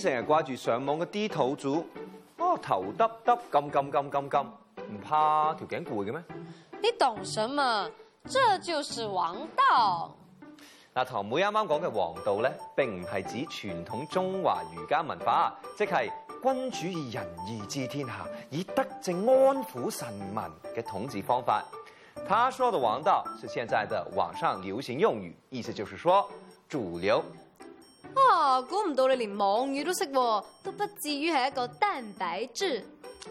成日掛住上網嘅啲土主，我頭耷耷咁咁咁咁咁，唔怕條頸攰嘅咩？你懂什麼？這就是王道。嗱，堂妹啱啱講嘅王道咧，並唔係指傳統中華儒家文化，即係君主以仁義治天下，以德政安撫臣民嘅統治方法。他說的王道是現在的網上流行用語，意思就是說主流。啊！估唔到你連網語都識，都不至於係一個蛋白質。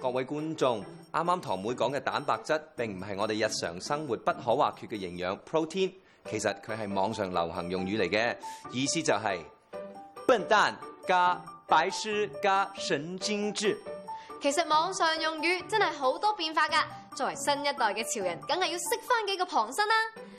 各位觀眾，啱啱糖妹講嘅蛋白質並唔係我哋日常生活不可或缺嘅營養。protein 其實佢係網上流行用語嚟嘅，意思就係笨蛋加白痴加神經質。其實網上用語真係好多變化噶，作為新一代嘅潮人，梗係要識翻幾個旁身啦，啊。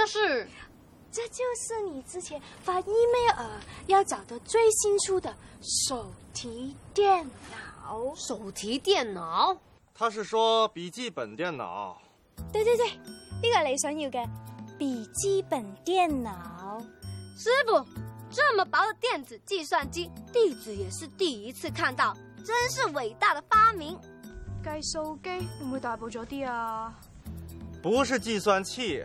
這是，這就是你之前發 email、呃、要找的最新出的手提電腦。手提電腦？他是說筆記本電腦。對對對，呢個你想要嘅筆記本電腦。師傅，這麼薄的電子計算機，弟子也是第一次看到，真是偉大的發明。計數機會唔會大步咗啲啊？不是計算器。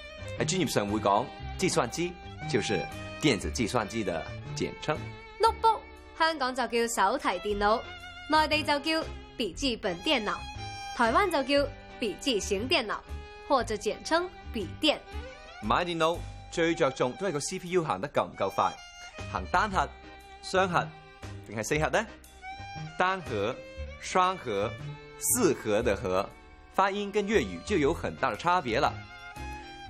喺專業上會講，計算機就是電子計算機的簡稱。notebook 香港就叫手提電腦，內地就叫筆記本電腦，台灣就叫筆記型電腦，或者簡稱筆電。買電腦最着重都係個 CPU 行得夠唔夠快，行單核、雙核定係四核呢？單核、雙核、四核的核，發音跟粵語就有很大嘅差別啦。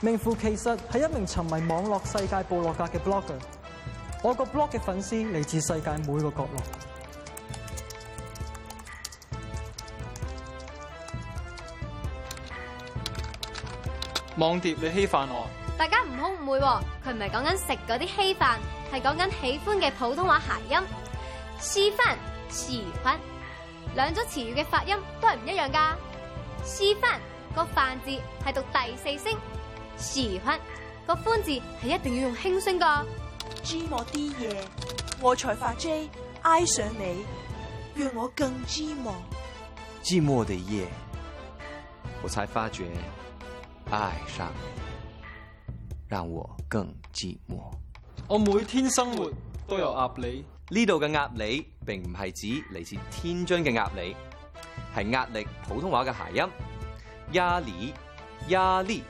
名副其實係一名沉迷網絡世界部落格嘅 blogger。我個 blog 嘅粉絲嚟自世界每個角落。網碟你稀飯我？大家唔好誤會，佢唔係講緊食嗰啲稀飯，係講緊喜歡嘅普通話諧音。私翻、私翻兩組詞語嘅發音都係唔一樣噶。私翻、那個範字係讀第四聲。時刻，歡這個歡字係一定要用輕聲噶。寂寞啲夜，我才發 J，愛上你，讓我更寂寞。寂寞的夜，我才發覺，愛上你，讓我更寂寞。我每天生活都有鴨梨，呢度嘅鴨梨並唔係指嚟自天津嘅鴨梨，係壓力普通話嘅諧音，鴨梨，鴨梨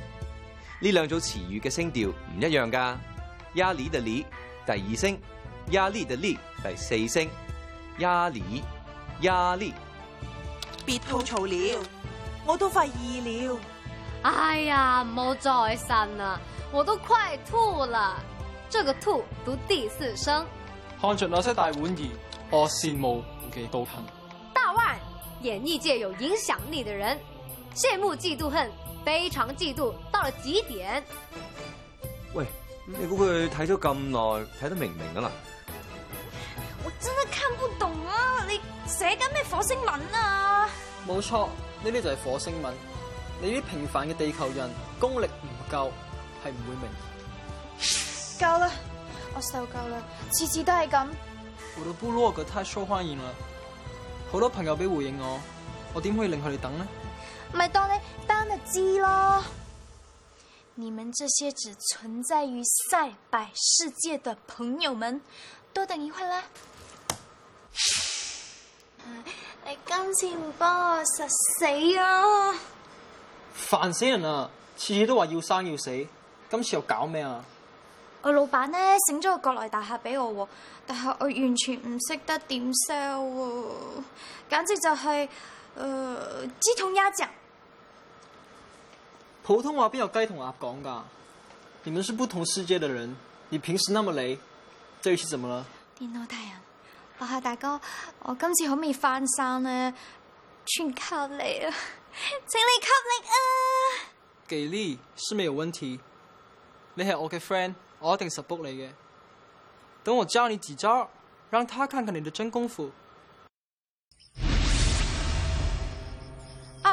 呢兩組詞語嘅聲調唔一樣噶，呀里嘅里第二聲，呀里嘅里第四聲，呀里呀里，別吐槽了，我都快二了，哎呀，唔好再呻啦，我都快吐了，這個吐讀第四聲。看着那些大腕兒，我羨慕嫉妒恨。大腕，演藝界有影響力的人，羨慕嫉妒恨。非常嫉妒到了極點。喂，你估佢睇咗咁耐，睇得明唔明㗎喇？我真係看不懂啊！你寫緊咩火星文啊？冇錯，呢啲就係火星文。你啲平凡嘅地球人功力唔夠，係唔會明。夠啦，我受夠啦，次次都係咁。我個部落太受歡迎啦，好多朋友俾回應我，我點可以令佢哋等呢？咪當你當咪知咯！你們這些只存在於賽百世界嘅朋友們，多等一會啦。你今次唔幫我實死啊！煩死人啊！次次都話要生要死，今次又搞咩啊？我老闆呢，醒咗個國內大客俾我，但係我完全唔識得點 sell，簡直就係、是。呃，同雞同鴨講。普通話邊有雞同鴨講噶，你們是不同世界的人。你平時那麼雷，這一期怎麼了？電腦大人，華夏大哥，我今次可唔可以翻山呢？全靠你啊，請你給力啊！給力是沒有問題，你係我嘅 friend，我一定 support 你嘅。等我教你幾招，讓他看看你的真功夫。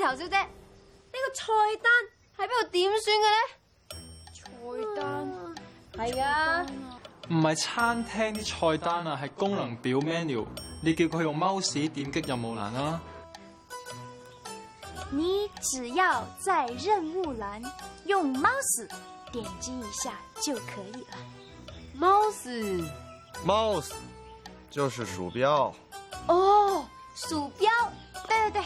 頭小姐，呢、這個菜單喺邊度點算嘅咧？菜單係、哦、啊，唔係餐廳啲菜單啊，係、啊、功能表 menu。你叫佢用 mouse 點擊任務欄啊。你只要在任務欄用 mouse 點擊一下就可以了。mouse mouse 就是鼠標。哦，鼠標，對對對。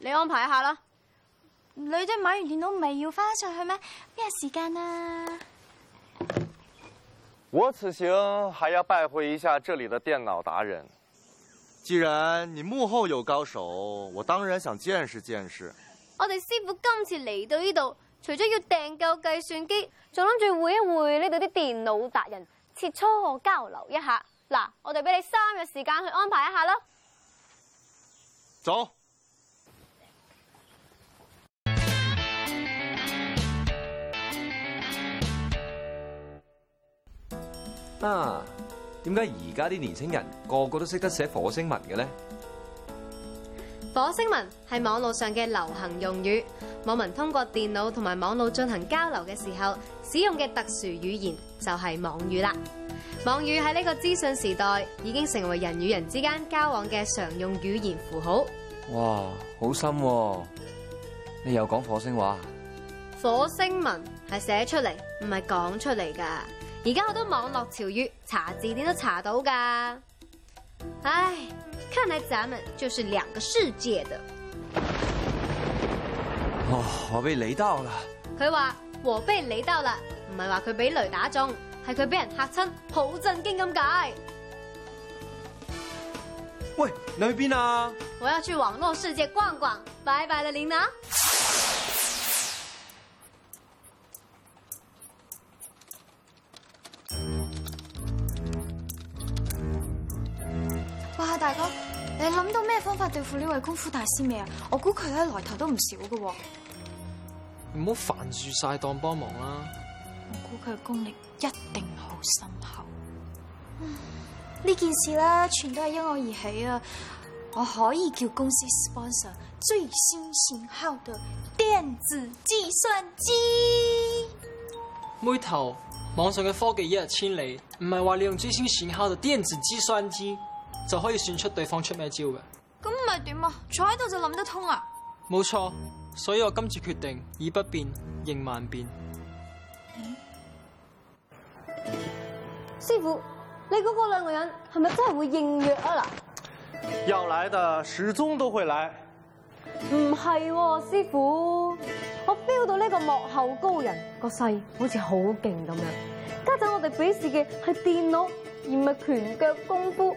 你安排一下啦。女仔買完電腦唔係要翻上去咩？邊有時間啊？我此行還要拜會一下這裏的電腦達人。既然你幕後有高手，我當然想見識見識。我哋師傅今次嚟到呢度，除咗要訂購計算機，仲諗住會一會呢度啲電腦達人，切磋交流一下。嗱，我哋俾你三日時間去安排一下啦。走。啊，點解而家啲年青人個個都識得寫火星文嘅呢？火星文係網絡上嘅流行用語，網民通過電腦同埋網絡進行交流嘅時候，使用嘅特殊語言就係網語啦。網語喺呢個資訊時代已經成為人與人之間交往嘅常用語言符號。哇，好深啊，你又講火星話？火星文係寫出嚟，唔係講出嚟噶。而家好多網絡潮語，查字典都查到噶。唉，看來咱們就是兩個世界的。哦，我被雷到了。佢話：我被雷到了，唔係話佢俾雷打中，係佢俾人嚇親，好震驚咁解。喂，你去邊啊？我要去網絡世界逛逛，拜拜啦，玲娜。大哥，你諗到咩方法對付呢位功夫大師未啊？我估佢咧來頭都唔少㗎，唔好煩住晒當幫忙啦。我估佢嘅功力一定好深厚。呢、嗯、件事咧，全都係因我而起啊！我可以叫公司 sponsor 最新型號嘅電子計算機。妹頭，網上嘅科技一日千里，唔係話你用最新型號嘅電子計算機。就可以算出對方出咩招嘅，咁咪點啊？坐喺度就諗得通啊！冇錯，所以我今次決定以不變應萬變。嗯、師傅，你嗰個兩個人係咪真係會應約啊？嗱，要嚟嘅，始終都會嚟。唔係、啊，師傅，我 feel 到呢個幕後高人，個勢，好似好勁咁樣。家陣我哋比試嘅係電腦，而唔係拳腳功夫。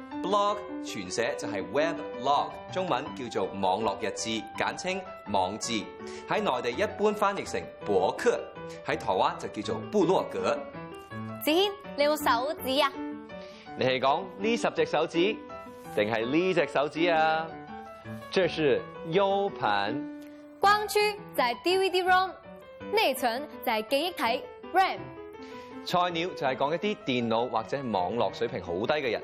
blog 全寫就係 web log，中文叫做網絡日誌，簡稱網誌。喺內地一般翻譯成博客，喺台灣就叫做布洛格。子軒，你有手指啊？你係講呢十隻手指，定係呢隻手指啊？這是 U 盤，光驅就係 DVD ROM，內存就係記憶體 RAM。菜鳥就係講一啲電腦或者網絡水平好低嘅人。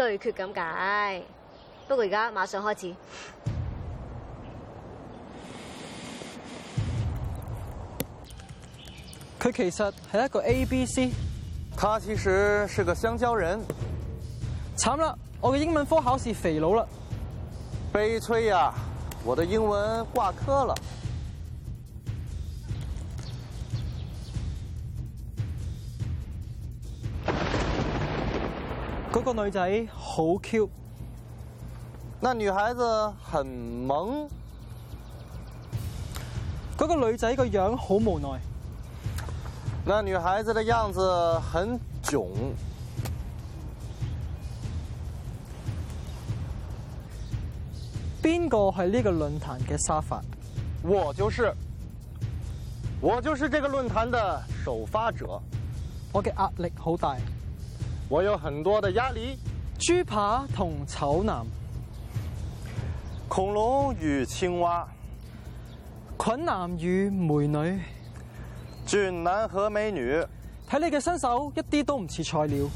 對決咁解，不過而家馬上開始。佢其實係一個 ABC。他其實是個香蕉人。慘啦，我嘅英文科考試肥佬啦。悲催呀、啊，我嘅英文掛科啦。嗰個女仔好 cute，那女孩子很萌。嗰個女仔個樣好無奈，那女孩子的樣子很囧。邊個係呢個論壇嘅沙發？我就是，我就是這個論壇的首發者。我嘅壓力好大。我有很多的鴨梨。豬扒同醜男恐龍，與青蛙，菌男與美女，俊男和美女。睇你嘅身手一啲都唔似菜鳥。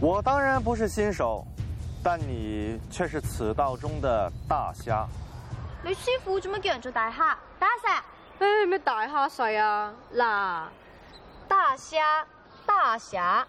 我當然不是新手，但你卻是此道中的大蝦。你師傅做乜叫人做大蝦？下哎、大蝦？哎，咩大蝦細啊？嗱，大蝦大俠。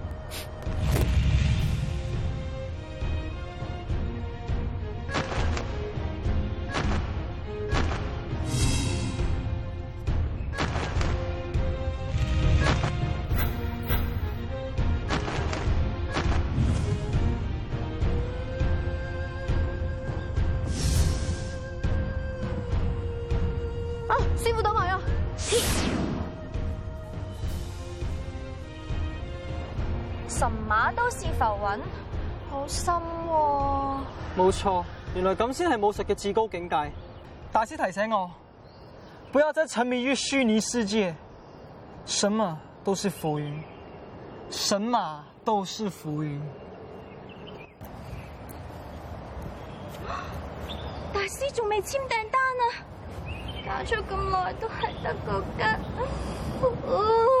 都是浮雲，好深喎。冇錯，原來咁先係武術嘅至高境界。大師提醒我，不要再沉迷於虛擬世界。什麼都是浮雲，神馬都是浮雲。大師仲未簽訂單啊！搞咗咁耐都係得個㗎。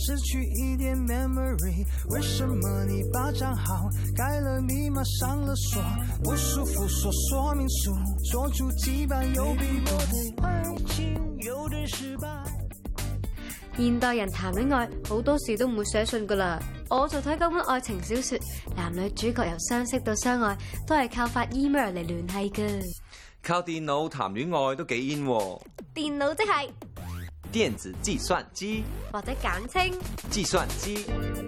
memory，現代人談戀愛，好多時都唔會寫信噶啦。我就睇嗰本愛情小說，男女主角由相識到相愛，都係靠發 email 嚟聯繫噶。靠電腦談戀愛都幾煙喎。電腦即係。電子計算機或者簡稱計算機，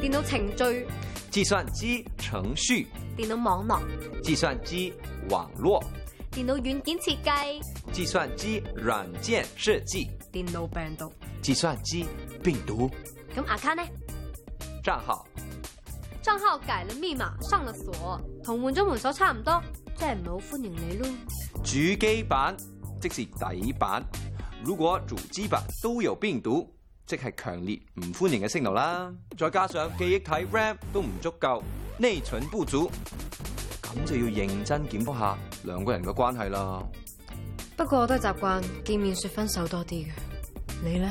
電腦程序，計算機程序，電腦網絡，計算機網絡，電腦軟件設計，計算機軟件設計，電腦病毒，計算機病毒。咁阿卡呢？賬號，賬號改了密碼，上了鎖，同換咗門鎖差唔多，即係唔係好歡迎你咯。主機板即是底板。如果主機板都有病毒，即係強烈唔歡迎嘅信號啦。再加上記憶體 RAM 都唔足夠，內存不足，咁就要認真檢討下兩個人嘅關係啦。不過我都係習慣見面說分手多啲嘅。你咧？